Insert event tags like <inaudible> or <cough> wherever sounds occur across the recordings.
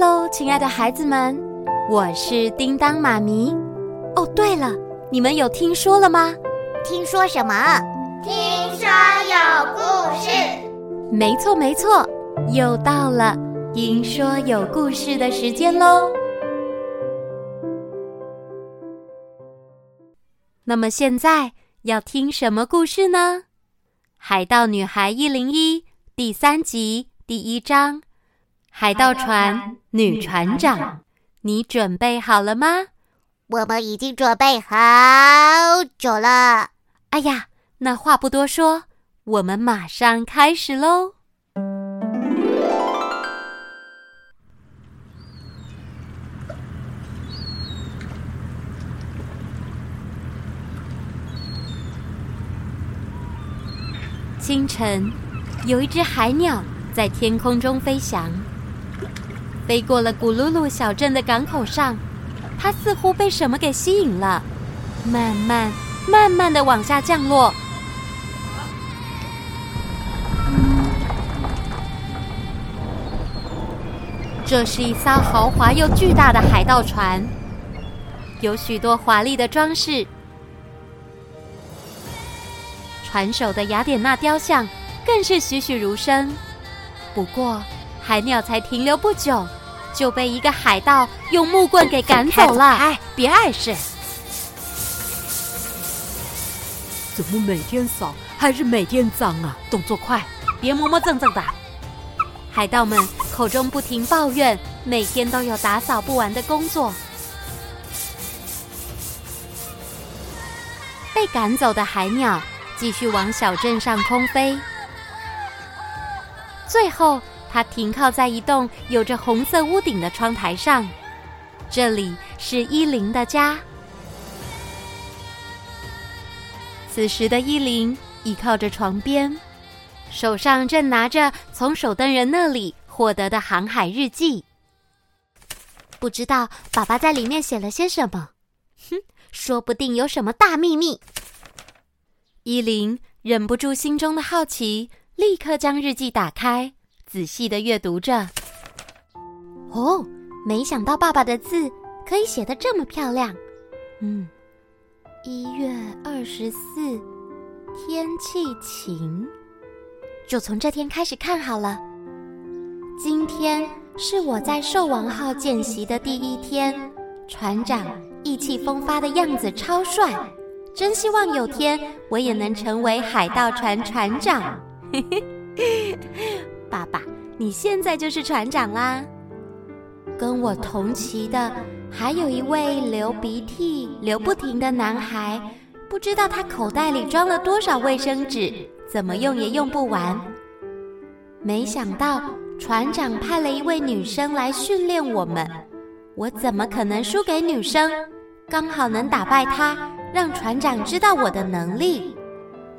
哈囉，親愛的孩子們，我是叮噹媽咪。哦，Oh，對了，你們有聽說了嗎？聽說什麼？聽說有故事。沒錯沒錯，又到了聽說有故事的時間嘍。那麼現在要聽什麼故事呢？《海盜女孩一零一》第三集第一章。海盜船女船長，船長你準備好了嗎？我們已經準備好久了。哎呀，那話不多說，我們馬上開始嘍。清晨，有一隻海鳥在天空中飛翔。飛過了古嚕嚕小鎮的港口上，它似乎被什麼給吸引了，慢慢、慢慢的往下降落。嗯，這是一艘豪華又巨大的海盜船，有許多華麗的裝飾，船首的雅典娜雕像更是栩栩如生。不過，海鳥才停留不久。就被一個海盜用木棍給趕走了。哎，別礙事。怎麼每天掃還是每天髒啊？動作快，別磨磨蹭蹭的。海盜們口中不停抱怨，每天都有打掃不完的工作。被趕走的海鳥繼續往小鎮上空飛，最後，它停靠在一棟有着紅色屋頂的窗台上，這裡是伊琳的家。此時的伊琳倚靠着床邊，手上正拿着從守燈人那裡獲得的航海日記，不知道爸爸在裡面寫了些什麼。哼，說不定有什麼大祕密。伊琳忍不住心中的好奇，立刻將日記打開。仔細的閱讀着。哦，沒想到爸爸的字可以寫得這麼漂亮。嗯，一月二十四，天氣晴，就從這天開始看好了。今天是我在獸王號見習的第一天，船長意氣風發的樣子超帥，真希望有天我也能成為海盜船船長。嘿嘿。爸爸，你現在就是船長啦、啊。跟我同期的還有一位流鼻涕流不停的男孩，不知道他口袋裡裝了多少衛生紙，怎麼用也用不完。沒想到船長派了一位女生來訓練我們，我怎麼可能輸給女生？剛好能打敗她，讓船長知道我的能力。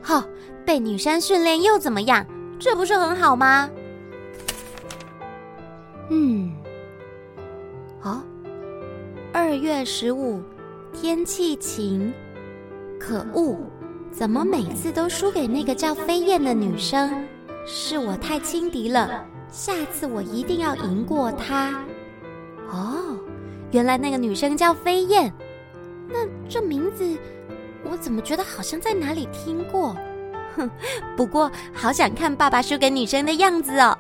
哈、哦，被女生訓練又怎麼樣？這不是很好嗎？嗯，好，哦。二月十五，天氣晴。可惡，怎麼每次都輸給那個叫飛燕的女生？是我太輕敵了，下次我一定要贏過她。哦，原來那個女生叫飛燕，那這名字我怎麼覺得好像在哪裡聽過？哼，不過好想看爸爸輸給女生的樣子哦。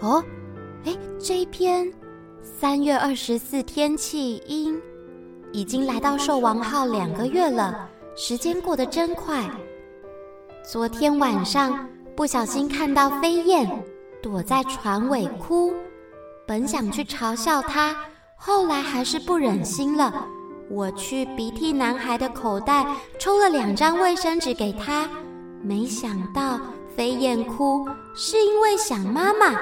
哦，誒，這一篇，三月二十四，天氣陰，已經來到獸王號兩個月了，時間過得真快。昨天晚上不小心看到飛燕躲在船尾哭，本想去嘲笑他，後來還是不忍心了。我去鼻涕男孩的口袋抽了兩張衛生紙給他，沒想到飛燕哭是因為想媽媽。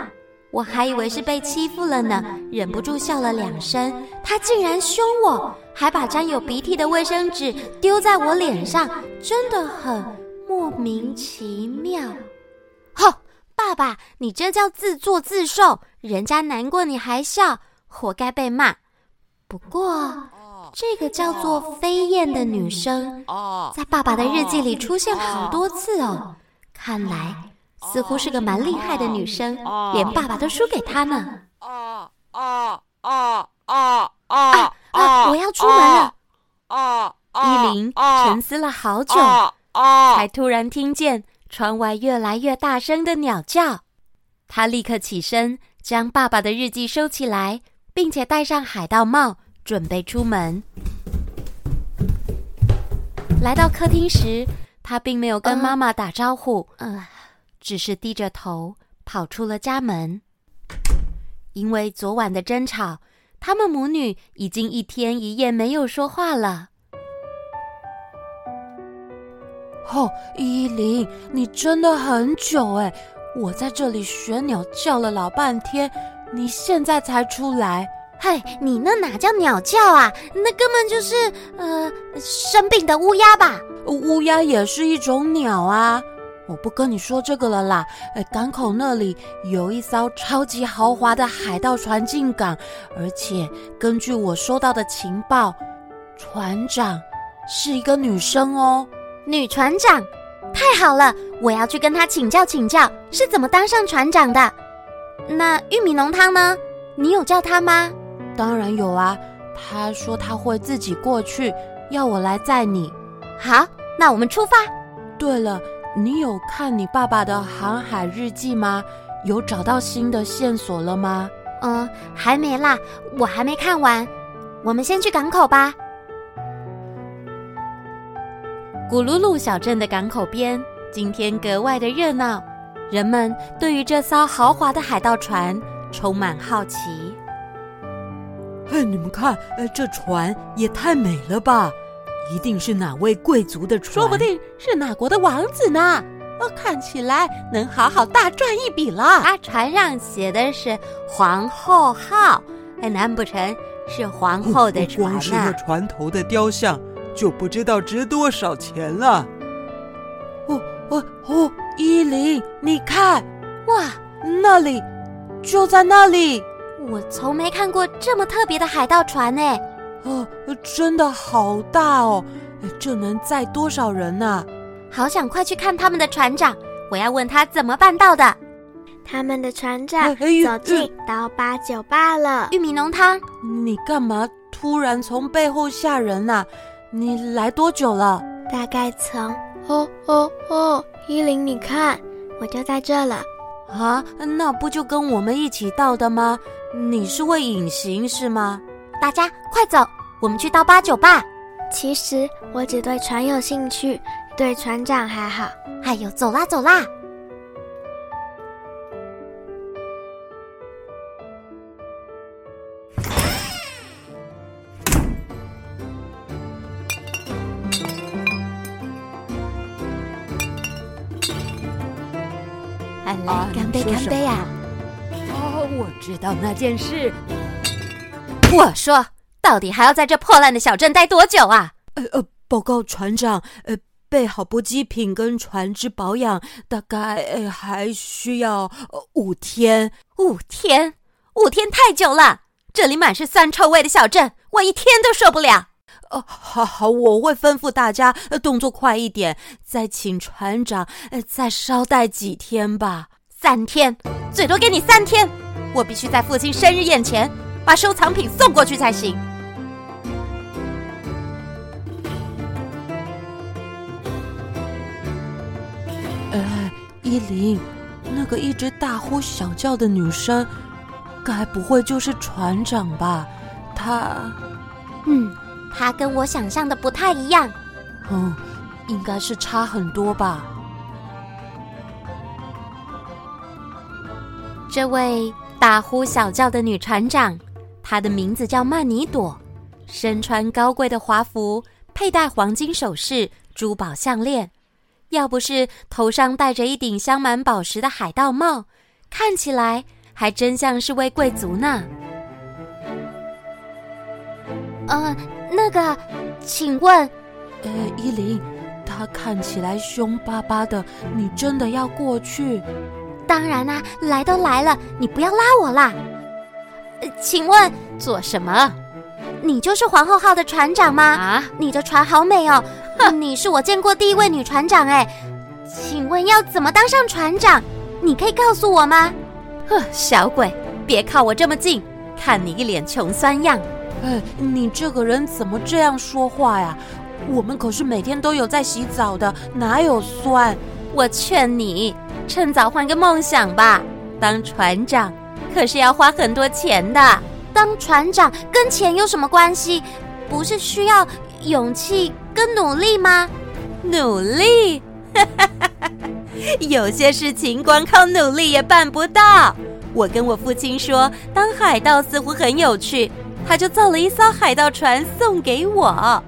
我還以為是被欺負了呢，忍不住笑了兩聲。他竟然兇我，還把沾有鼻涕的衛生紙丟在我臉上，真的很莫名其妙。哼，爸爸，你這叫自作自受。人家難過你還笑，活該被罵。不過，這個叫做飛燕的女生，在爸爸的日記裡出現好多次哦，看來。似乎是個蠻厲害的女生，連爸爸都輸給她呢。啊啊啊啊啊！啊，我要出門了。啊，伊琳沉思了好久，才突然聽見窗外越來越大聲的鳥叫。她立刻起身，將爸爸的日記收起來，並且戴上海盜帽，準備出門。來到客廳時，她並沒有跟媽媽打招呼。嗯。只是低着頭跑出了家門，因為昨晚的爭吵，她們母女已經一天一夜沒有說話了。哦，伊琳，你真的很久哎！我在這裡學鳥叫了老半天，你現在才出來？嗨，你那哪叫鳥叫啊？那根本就是呃，生病的烏鴉吧？烏鴉也是一種鳥啊。我不跟你說這個了啦，誒，港口那裡有一艘超級豪華的海盜船進港，而且根據我收到的情報，船長是一個女生哦，女船長，太好了！我要去跟她請教請教，是怎麼當上船長的。那玉米濃湯呢？你有叫他嗎？當然有啊，他說他會自己過去，要我來載你。好，那我們出發。對了。你有看你爸爸的航海日記嗎？有找到新的線索了嗎？嗯，還沒啦，我還沒看完。我們先去港口吧。古嚕嚕小鎮的港口邊，今天格外的熱鬧，人們對於這艘豪華的海盜船充滿好奇。哎，你們看，哎，這船也太美了吧！一定是哪位貴族的船，說不定是哪國的王子呢？哦，看起來能好好大賺一筆了。他、啊、船上寫的是“皇后號”，哎，難不成是皇後的船王、啊哦、光是個船頭的雕像，就不知道值多少錢了。哦哦哦，伊琳，你看，哇，那裡就在那裡。我從沒看過這麼特別的海盜船哎。哦，真的好大哦！這能載多少人吶？好想快去看他們的船長，我要問他怎麼辦到的。他們的船長走進刀疤酒吧了。玉米濃湯。你干嘛突然從背後嚇人吶？你來多久了？大概從……哦哦哦，伊琳，你看，我就在這了。啊，那不就跟我們一起到的嗎？你是會隱形是嗎？大家快走，我們去刀疤酒吧。其實我只對船有興趣，對船長還好。哎呦，走啦走啦！來，乾杯、啊、乾杯啊！哦，我知道那件事。我說，到底還要在這破爛的小鎮待多久啊？呃呃，報告船長，呃，備好補給品跟船只保養，大概呃還需要、呃、五天。五天，五天太久了。這裡滿是酸臭味的小鎮，我一天都受不了。哦、呃，好好，我會吩咐大家、呃、動作快一點。再請船長，呃再稍待幾天吧。三天，最多給你三天。我必須在父親生日宴前把收藏品送過去才行。哎，伊琳，那個一直大呼小叫的女生，該不會就是船長吧？她，嗯，她跟我想象的不太一樣。嗯，應該是差很多吧。這位大呼小叫的女船長。他的名字叫曼尼朵，身穿高貴的華服，佩戴黃金首飾、珠寶項鏈，要不是頭上戴着一頂鑲滿寶石的海盜帽，看起來還真像是位貴族呢。呃，那個，請問，呃，伊琳，他看起來兇巴巴的，你真的要過去？當然啦，啊，來都來了，你不要拉我啦。請問做什麼？你就是皇后號的船長嗎？啊，你的船好美哦！哼，你是我見過第一位女船長哎，請問要怎麼當上船長？你可以告訴我嗎？呵，小鬼，別靠我這麼近，看你一臉窮酸樣。呃，你這個人怎麼這樣說話呀？我們可是每天都有在洗澡的，哪有酸？我勸你趁早換個夢想吧，當船長可是要花很多錢的。當船長跟錢有什麼關係？不是需要勇氣跟努力嗎？努力。 <laughs> 有些事情光靠努力也辦不到。我跟我父親說當海盜似乎很有趣，他就造了一艘海盜船送給我。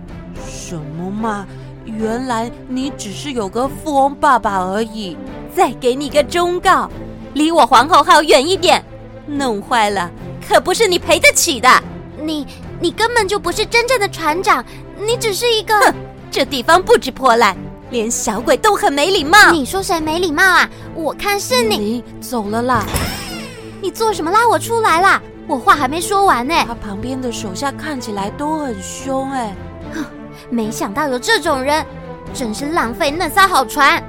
什麼嘛！原來你只是有個富翁爸爸而已。再給你個忠告，離我皇后號遠一點。弄壞了可不是你賠得起的。你你根本就不是真正的船長，你只是一個。哼，這地方不止破爛，連小鬼都很沒禮貌。你說誰沒禮貌啊？我看是你。你走了啦。 <laughs> 你做什麼拉我出來啦！我話還沒說完呢。他旁邊的手下看起來都很凶哎。哼，沒想到有這種人，真是浪費那艘好船。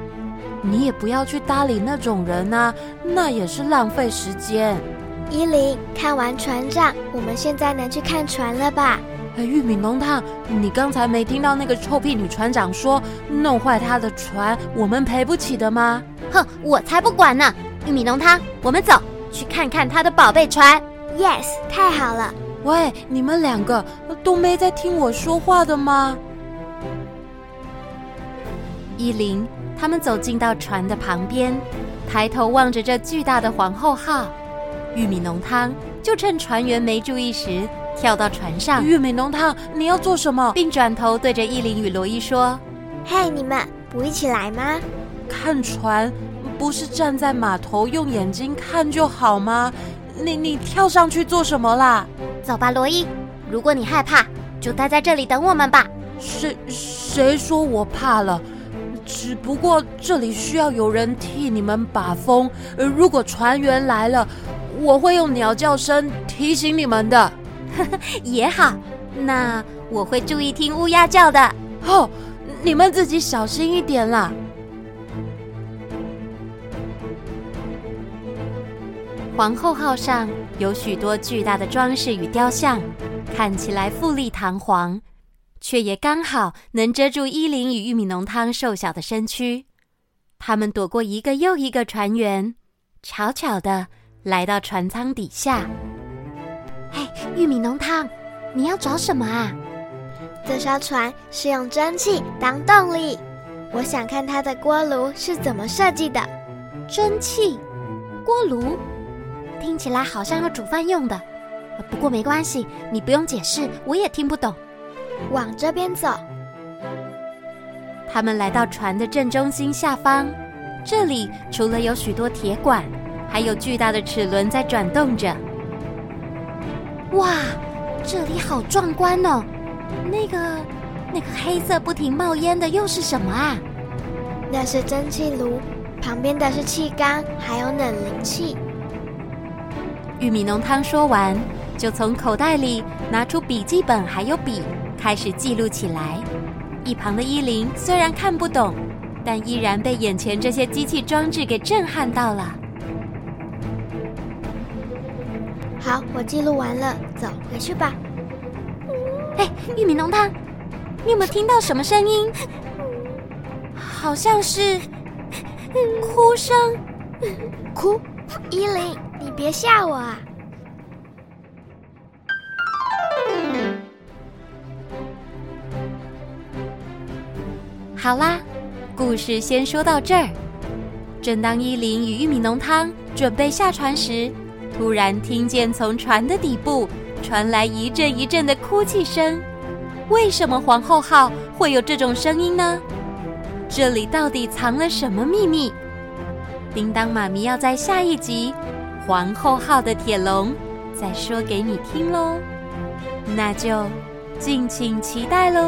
你也不要去搭理那種人啊，那也是浪費時間。伊琳，看完船長，我們現在能去看船了吧？玉米濃湯，你剛才沒聽到那個臭屁女船長說，弄壞她的船，我們賠不起的嗎？哼，我才不管呢！玉米濃湯，我們走，去看看她的寶貝船。Yes，太好了。喂，你們兩個都沒在聽我說話的嗎？伊琳，他們走進到船的旁邊，抬頭望着這巨大的皇后號。玉米濃湯，就趁船員沒注意時跳到船上。玉米濃湯，你要做什麼？並轉頭對着伊琳與羅伊說：“嘿，hey, 你們不一起來嗎？看船不是站在碼頭用眼睛看就好嗎？你你跳上去做什麼啦？走吧，羅伊。如果你害怕，就待在這裡等我們吧。誰誰說我怕了？只不過這裡需要有人替你們把風，如果船員來了。”我會用鳥叫聲提醒你們的，呵呵，也好，那我會注意聽烏鴉叫的。哦，你們自己小心一點啦！皇后號上有許多巨大的裝飾與雕像，看起來富麗堂皇，卻也剛好能遮住伊琳與玉米濃湯瘦小的身軀。他們躲過一個又一個船員，悄悄的。來到船艙底下。嘿，玉米濃湯，你要找什麼啊？這艘船是用蒸汽當動力，我想看它的鍋爐是怎麼設計的。蒸汽？鍋爐？聽起來好像要煮飯用的，不過沒關係，你不用解釋，我也聽不懂。往這邊走。他們來到船的正中心下方，這裡除了有許多鐵管。還有巨大的齒輪在轉動着。哇，這裡好壯觀哦！那個、那個黑色不停冒煙的又是什麼啊？那是蒸汽爐，旁邊的是氣缸，還有冷凝器。玉米濃湯說完，就從口袋裡拿出筆記本還有筆，開始記錄起來。一旁的伊琳雖然看不懂，但依然被眼前這些機器裝置給震撼到了。好，我記錄完了，走回去吧。哎，玉米濃湯，你有沒有聽到什麼聲音？好像是哭聲，哭。伊琳，你別嚇我啊！好啦，故事先說到這兒。正當伊琳與玉米濃湯準備下船時。突然聽見從船的底部傳來一陣一陣的哭泣聲，為什麼皇后號會有這種聲音呢？這裡到底藏了什麼秘密？叮噹媽咪要在下一集《皇后號的鐵籠》再說給你聽嘍，那就敬請期待嘍。